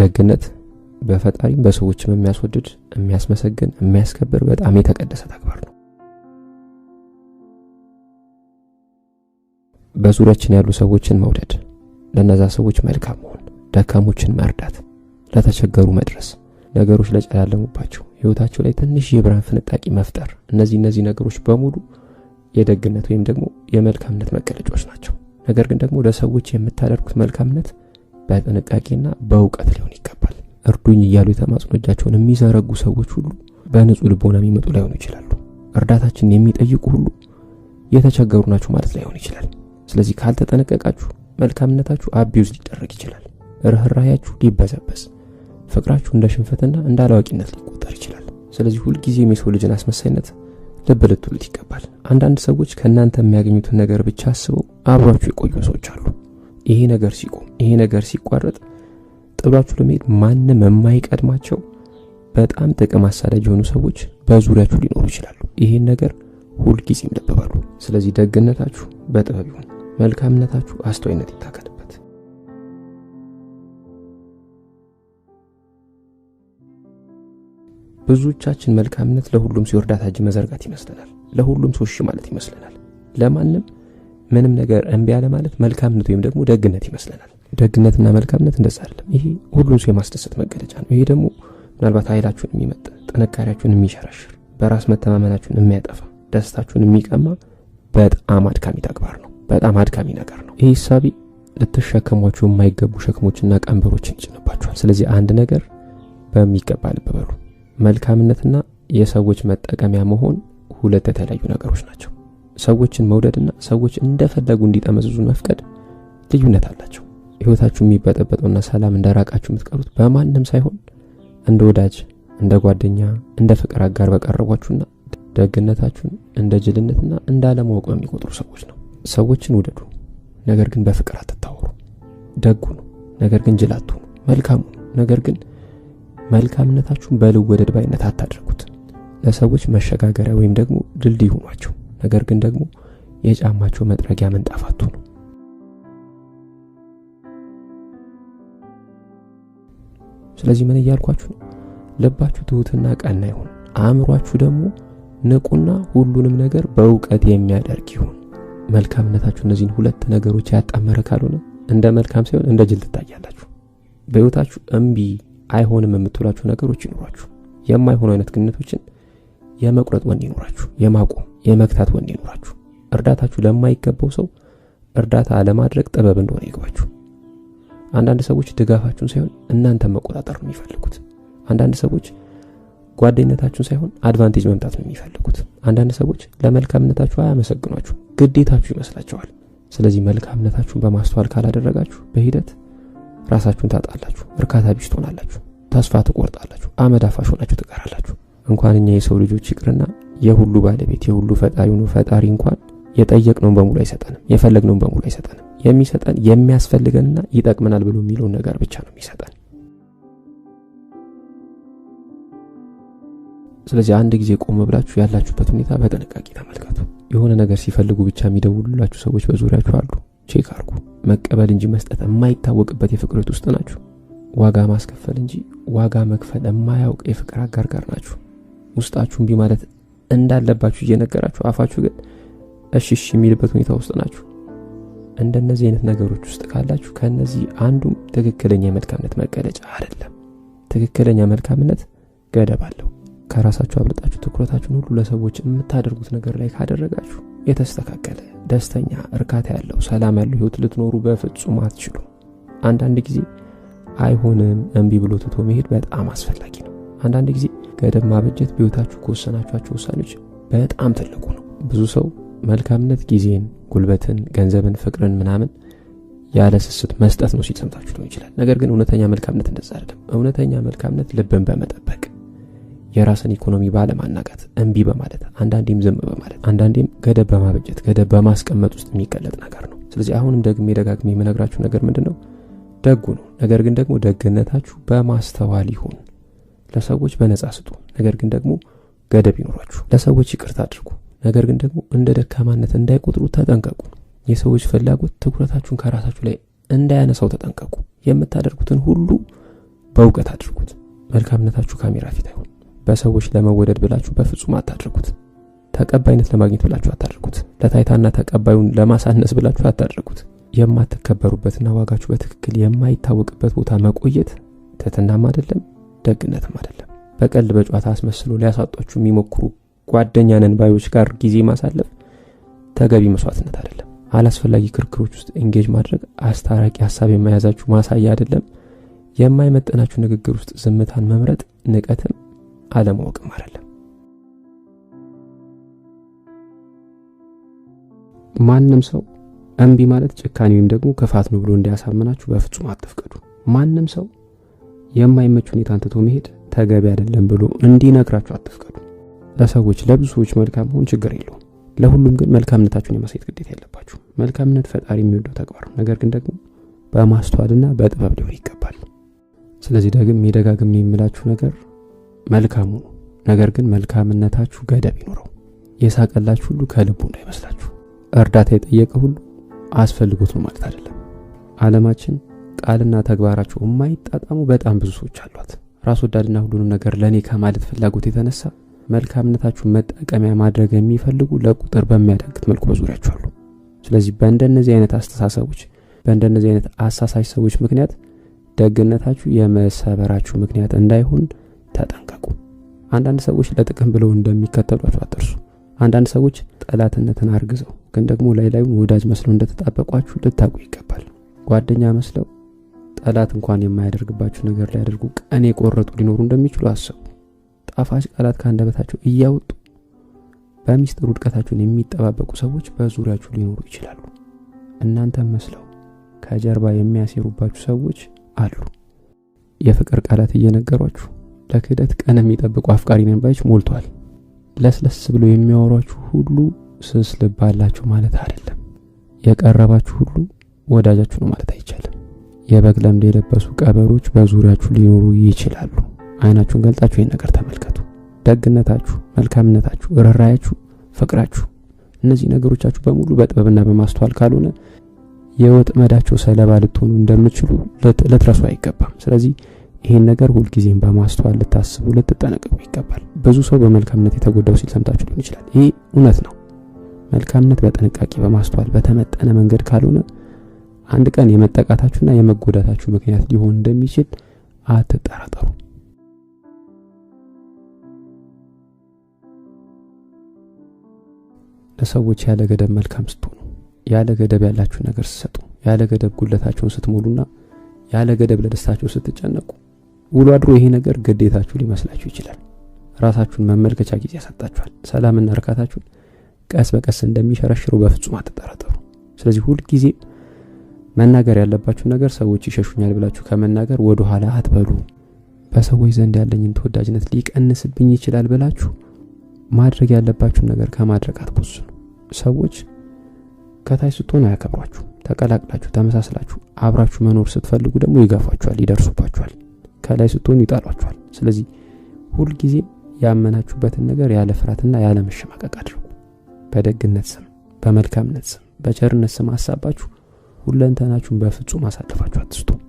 ደግነት በፈጣሪም በሰዎችም የሚያስወድድ የሚያስመሰግን የሚያስከብር በጣም የተቀደሰ ተግባር ነው። በዙሪያችን ያሉ ሰዎችን መውደድ፣ ለነዛ ሰዎች መልካም መሆን፣ ደካሞችን መርዳት፣ ለተቸገሩ መድረስ፣ ነገሮች ለጨላለሙባቸው ህይወታቸው ላይ ትንሽ የብርሃን ፍንጣቂ መፍጠር፣ እነዚህ እነዚህ ነገሮች በሙሉ የደግነት ወይም ደግሞ የመልካምነት መገለጫዎች ናቸው። ነገር ግን ደግሞ ለሰዎች የምታደርጉት መልካምነት በጥንቃቄና በእውቀት ሊሆን ይገባል። እርዱኝ እያሉ የተማጽኖ እጃቸውን የሚዘረጉ ሰዎች ሁሉ በንጹህ ልቦና የሚመጡ ላይሆኑ ይችላሉ። እርዳታችን የሚጠይቁ ሁሉ የተቸገሩ ናችሁ ማለት ላይሆን ይችላል። ስለዚህ ካልተጠነቀቃችሁ መልካምነታችሁ አቢውዝ ሊደረግ ይችላል። ርኅራያችሁ ሊበዘበዝ፣ ፍቅራችሁ እንደ ሽንፈትና እንደ አላዋቂነት ሊቆጠር ይችላል። ስለዚህ ሁልጊዜም የሰው ልጅን አስመሳይነት ልብ ልትሉት ይገባል። አንዳንድ ሰዎች ከእናንተ የሚያገኙትን ነገር ብቻ አስበው አብሯችሁ የቆዩ ሰዎች አሉ። ይሄ ነገር ሲቆም፣ ይሄ ነገር ሲቋረጥ ጥብላችሁ ለመሄድ ማንም የማይቀድማቸው በጣም ጥቅም አሳዳጅ የሆኑ ሰዎች በዙሪያችሁ ሊኖሩ ይችላሉ። ይሄን ነገር ሁልጊዜ ደብባሉ? ስለዚህ ደግነታችሁ በጥበብ ይሁን፣ መልካምነታችሁ አስተዋይነት ይታከል። ብዙዎቻችን መልካምነት ለሁሉም ሲወርዳት እጅ መዘርጋት ይመስለናል። ለሁሉም ሰው እሺ ማለት ይመስለናል። ለማንም ምንም ነገር እምቢ ያለ ማለት መልካምነት ወይም ደግሞ ደግነት ይመስለናል። ደግነትና መልካምነት እንደዛ አይደለም። ይሄ ሁሉን ሰው የማስደሰት መገለጫ ነው። ይሄ ደግሞ ምናልባት ኃይላችሁን የሚመጥ ጥንካሬያችሁን የሚሸረሽር በራስ መተማመናችሁን የሚያጠፋ ደስታችሁን የሚቀማ በጣም አድካሚ ተግባር ነው። በጣም አድካሚ ነገር ነው። ይህ ሳቢ ልትሸከሟቸው የማይገቡ ሸክሞችና ቀንበሮችን ይጭንባቸዋል ስለዚህ አንድ ነገር በሚገባ ልብ በሉ። መልካምነትና የሰዎች መጠቀሚያ መሆን ሁለት የተለያዩ ነገሮች ናቸው። ሰዎችን መውደድና ሰዎች እንደፈለጉ እንዲጠመዝዙ መፍቀድ ልዩነት አላቸው። ህይወታችሁ የሚበጠበጠውና ሰላም እንደራቃችሁ የምትቀሩት በማንም ሳይሆን እንደ ወዳጅ፣ እንደ ጓደኛ፣ እንደ ፍቅር አጋር በቀረቧችሁና ደግነታችሁን እንደ ጅልነትና እንደ አለማወቅ በሚቆጥሩ ሰዎች ነው። ሰዎችን ውደዱ፣ ነገር ግን በፍቅር አትታወሩ። ደጉ ነው፣ ነገር ግን ጅላቱ አትሁኑ። መልካሙ ነው፣ ነገር ግን መልካምነታችሁን በልወደድ ባይነት አታድርጉት። ለሰዎች መሸጋገሪያ ወይም ደግሞ ድልድይ ሆኗቸው። ነገር ግን ደግሞ የጫማቸው መጥረጊያ መንጣፋቱ ነው። ስለዚህ ምን እያልኳችሁ ነው? ልባችሁ ትሁትና ቀና ይሁን፣ አእምሯችሁ ደግሞ ንቁና ሁሉንም ነገር በእውቀት የሚያደርግ ይሁን። መልካምነታችሁ እነዚህን ሁለት ነገሮች ያጣመረ ካልሆነ እንደ መልካም ሳይሆን እንደ ጅል ትታያላችሁ። በህይወታችሁ እምቢ አይሆንም የምትሏችሁ ነገሮች ይኖሯችሁ፣ የማይሆኑ አይነት ግንኙነቶችን የመቁረጥ ወኔ ይኖራችሁ፣ የማቆም የመግታት ወኔ ይኖራችሁ። እርዳታችሁ ለማይገባው ሰው እርዳታ ለማድረግ ጥበብ እንደሆነ ይግባችሁ። አንዳንድ ሰዎች ድጋፋችሁን ሳይሆን እናንተን መቆጣጠር ነው የሚፈልጉት። አንዳንድ ሰዎች ጓደኝነታችሁን ሳይሆን አድቫንቴጅ መምጣት ነው የሚፈልጉት። አንዳንድ ሰዎች ለመልካምነታችሁ አያመሰግኗችሁ፣ ግዴታችሁ ይመስላቸዋል። ስለዚህ መልካምነታችሁን በማስተዋል ካላደረጋችሁ በሂደት ራሳችሁን ታጣላችሁ፣ እርካታ ቢስ ትሆናላችሁ፣ ተስፋ ትቆርጣላችሁ፣ አመድ አፋሽ ሆናችሁ ትቀራላችሁ። እንኳን እኛ የሰው ልጆች ይቅርና የሁሉ ባለቤት የሁሉ ፈጣሪ ነው። ፈጣሪ እንኳን የጠየቅነውን በሙሉ አይሰጠንም፣ የፈለግነውን በሙሉ አይሰጠንም። የሚሰጠን የሚያስፈልገንና ይጠቅመናል ብሎ የሚለውን ነገር ብቻ ነው የሚሰጠን። ስለዚህ አንድ ጊዜ ቆም ብላችሁ ያላችሁበት ሁኔታ በጥንቃቄ ተመልከቱ። የሆነ ነገር ሲፈልጉ ብቻ የሚደውሉላችሁ ሰዎች በዙሪያችሁ አሉ። ቼክ አርጉ። መቀበል እንጂ መስጠት የማይታወቅበት የፍቅር ቤት ውስጥ ናችሁ። ዋጋ ማስከፈል እንጂ ዋጋ መክፈል የማያውቅ የፍቅር አጋር ጋር ናችሁ። ውስጣችሁ እምቢ ማለት እንዳለባችሁ እየነገራችሁ አፋችሁ ግን እሽሽ የሚልበት ሁኔታ ውስጥ ናችሁ። እንደነዚህ አይነት ነገሮች ውስጥ ካላችሁ ከእነዚህ አንዱም ትክክለኛ የመልካምነት መገለጫ አይደለም። ትክክለኛ መልካምነት ገደብ አለው። ከራሳችሁ አብልጣችሁ ትኩረታችሁን ሁሉ ለሰዎች የምታደርጉት ነገር ላይ ካደረጋችሁ የተስተካከለ ደስተኛ፣ እርካታ ያለው ሰላም ያለው ህይወት ልትኖሩ በፍጹም አትችሉ አንዳንድ ጊዜ አይሆንም እንቢ ብሎ ትቶ መሄድ በጣም አስፈላጊ ነው። አንዳንድ ጊዜ ገደብ ማበጀት በሕይወታችሁ ከወሰናችኋቸው ውሳኔዎች በጣም ትልቁ ነው። ብዙ ሰው መልካምነት ጊዜን፣ ጉልበትን፣ ገንዘብን፣ ፍቅርን ምናምን ያለ ስስት መስጠት ነው ሲሰምታችሁ ሊሆን ይችላል። ነገር ግን እውነተኛ መልካምነት እንደዛ አይደለም። እውነተኛ መልካምነት ልብን በመጠበቅ የራስን ኢኮኖሚ ባለማናጋት፣ እምቢ በማለት አንዳንዴም ዝም በማለት አንዳንዴም ገደብ በማበጀት ገደብ በማስቀመጥ ውስጥ የሚቀለጥ ነገር ነው። ስለዚህ አሁንም ደግሜ ደጋግሜ የምነግራችሁ ነገር ምንድን ነው? ደጉ ነው። ነገር ግን ደግሞ ደግነታችሁ በማስተዋል ይሁን። ለሰዎች በነጻ ስጡ፣ ነገር ግን ደግሞ ገደብ ይኖሯችሁ። ለሰዎች ይቅርታ አድርጉ፣ ነገር ግን ደግሞ እንደ ደካማነት እንዳይቆጥሩ ተጠንቀቁ። የሰዎች ፍላጎት ትኩረታችሁን ከራሳችሁ ላይ እንዳያነሳው ተጠንቀቁ። የምታደርጉትን ሁሉ በእውቀት አድርጉት። መልካምነታችሁ ካሜራ ፊት አይሆን በሰዎች ለመወደድ ብላችሁ በፍጹም አታድርጉት። ተቀባይነት ለማግኘት ብላችሁ አታድርጉት። ለታይታና ተቀባዩን ለማሳነስ ብላችሁ አታድርጉት። የማትከበሩበትና ዋጋችሁ በትክክል የማይታወቅበት ቦታ መቆየት ትህትናም አይደለም ደግነትም አይደለም። በቀልድ በጨዋታ አስመስሎ ሊያሳጧችሁ የሚሞክሩ ጓደኛ ነን ጋር ጊዜ ማሳለፍ ተገቢ መስዋዕትነት አይደለም። አላስፈላጊ ክርክሮች ውስጥ ኤንጌጅ ማድረግ አስታራቂ ሀሳብ የመያዛችሁ ማሳያ አይደለም። የማይመጠናችሁ ንግግር ውስጥ ዝምታን መምረጥ ንቀትም አለማወቅም አይደለም። ማንም ሰው እምቢ ማለት ጭካኔ ወይም ደግሞ ክፋት ነው ብሎ እንዲያሳምናችሁ በፍጹም አትፍቀዱ። ማንም ሰው የማይመች ሁኔታን ትቶ መሄድ ተገቢ አይደለም ብሎ እንዲነግራችሁ አትፍቀዱ። ለሰዎች ለብዙ ሰዎች መልካም መሆን ችግር የለውም። ለሁሉም ግን መልካምነታችሁን የማሳየት ግዴታ ያለባችሁ መልካምነት ፈጣሪ የሚወደው ተግባር ነው። ነገር ግን ደግሞ በማስተዋልና በጥበብ ሊሆን ይገባል። ስለዚህ ደግም የደጋግም የሚላችሁ ነገር መልካሙ ነው። ነገር ግን መልካምነታችሁ ገደብ ይኖረው። የሳቀላችሁ ሁሉ ከልቡ እንዳይመስላችሁ። እርዳታ የጠየቀ ሁሉ አስፈልጎት ነው ማለት አይደለም። አለማችን ቃልና ተግባራቸው የማይጣጣሙ በጣም ብዙ ሰዎች አሏት። ራስ ወዳድና ሁሉንም ነገር ለእኔ ከማለት ፍላጎት የተነሳ መልካምነታችሁን መጠቀሚያ ማድረግ የሚፈልጉ ለቁጥር በሚያዳግት መልኩ በዙሪያችሁ አሉ። ስለዚህ በእንደነዚህ አይነት አስተሳሰቦች፣ በእንደነዚህ አይነት አሳሳሽ ሰዎች ምክንያት ደግነታችሁ የመሰበራችሁ ምክንያት እንዳይሆን ተጠንቀቁ። አንዳንድ ሰዎች ለጥቅም ብለው እንደሚከተሏችሁ አትርሱ። አንዳንድ ሰዎች ጠላትነትን አርግዘው ግን ደግሞ ላይ ላዩን ወዳጅ መስለው እንደተጣበቋችሁ ልታውቁ ይገባል። ጓደኛ መስለው ጠላት እንኳን የማያደርግባችሁ ነገር ሊያደርጉ ቀን የቆረጡ ሊኖሩ እንደሚችሉ አስቡ። ጣፋጭ ቃላት ከአንደበታቸው እያወጡ በሚስጥር ውድቀታችሁን የሚጠባበቁ ሰዎች በዙሪያችሁ ሊኖሩ ይችላሉ። እናንተም መስለው ከጀርባ የሚያሴሩባችሁ ሰዎች አሉ። የፍቅር ቃላት እየነገሯችሁ ለክህደት ቀን የሚጠብቁ አፍቃሪ ነን ሞልቷል። ለስለስ ብሎ የሚያወሯችሁ ሁሉ ስስ ልብ አላችሁ ማለት አይደለም። የቀረባችሁ ሁሉ ወዳጃችሁ ነው ማለት አይቻልም። የበግ ለምድ የለበሱ ቀበሮች በዙሪያችሁ ሊኖሩ ይችላሉ። አይናችሁን ገልጣችሁ ይህን ነገር ተመልከቱ። ደግነታችሁ፣ መልካምነታችሁ፣ ርኅራያችሁ፣ ፍቅራችሁ እነዚህ ነገሮቻችሁ በሙሉ በጥበብና በማስተዋል ካልሆነ የወጥመዳቸው ሰለባ ልትሆኑ እንደምችሉ ልትረሱ አይገባም። ስለዚህ ይህን ነገር ሁልጊዜም በማስተዋል ልታስቡ ልትጠነቀቁ ይገባል። ብዙ ሰው በመልካምነት የተጎዳው ሲል ሰምታችሁ ሊሆን ይችላል። ይህ እውነት ነው። መልካምነት በጥንቃቄ በማስተዋል በተመጠነ መንገድ ካልሆነ አንድ ቀን የመጠቃታችሁና የመጎዳታችሁ ምክንያት ሊሆን እንደሚችል አትጠራጠሩ። ለሰዎች ያለ ገደብ መልካም ስትሆኑ፣ ያለ ገደብ ያላችሁ ነገር ስትሰጡ፣ ያለ ገደብ ጉለታችሁን ስትሞሉና ያለ ገደብ ለደስታችሁ ስትጨነቁ ውሎ አድሮ ይሄ ነገር ግዴታችሁ ሊመስላችሁ ይችላል። ራሳችሁን መመልከቻ ጊዜ ያሰጣችኋል። ሰላምና እርካታችሁን ቀስ በቀስ እንደሚሸረሽሩ በፍጹም አትጠራጠሩ። ስለዚህ ጊዜ። መናገር ያለባችሁ ነገር ሰዎች ይሸሹኛል ብላችሁ ከመናገር ወደ ኋላ አትበሉ። በሰዎች ዘንድ ያለኝን ተወዳጅነት ሊቀንስብኝ ይችላል ብላችሁ ማድረግ ያለባችሁን ነገር ከማድረግ አትቦስኑ። ሰዎች ከታች ስትሆኑ አያከብሯችሁ። ተቀላቅላችሁ ተመሳስላችሁ አብራችሁ መኖር ስትፈልጉ ደግሞ ይገፋችኋል፣ ይደርሱባችኋል። ከላይ ስትሆኑ ይጣሏችኋል። ስለዚህ ሁልጊዜ ያመናችሁበትን ነገር ያለ ፍርሃትና ያለ መሸማቀቅ አድርጉ። በደግነት ስም፣ በመልካምነት ስም፣ በቸርነት ስም አሳባችሁ ሁለንተናችሁን በፍጹም አሳልፋችሁ አትስቱም